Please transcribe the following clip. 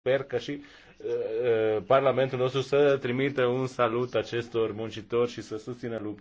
sper că și uh, uh Parlamentul nostru să trimită un salut acestor muncitori și să susțină lupta.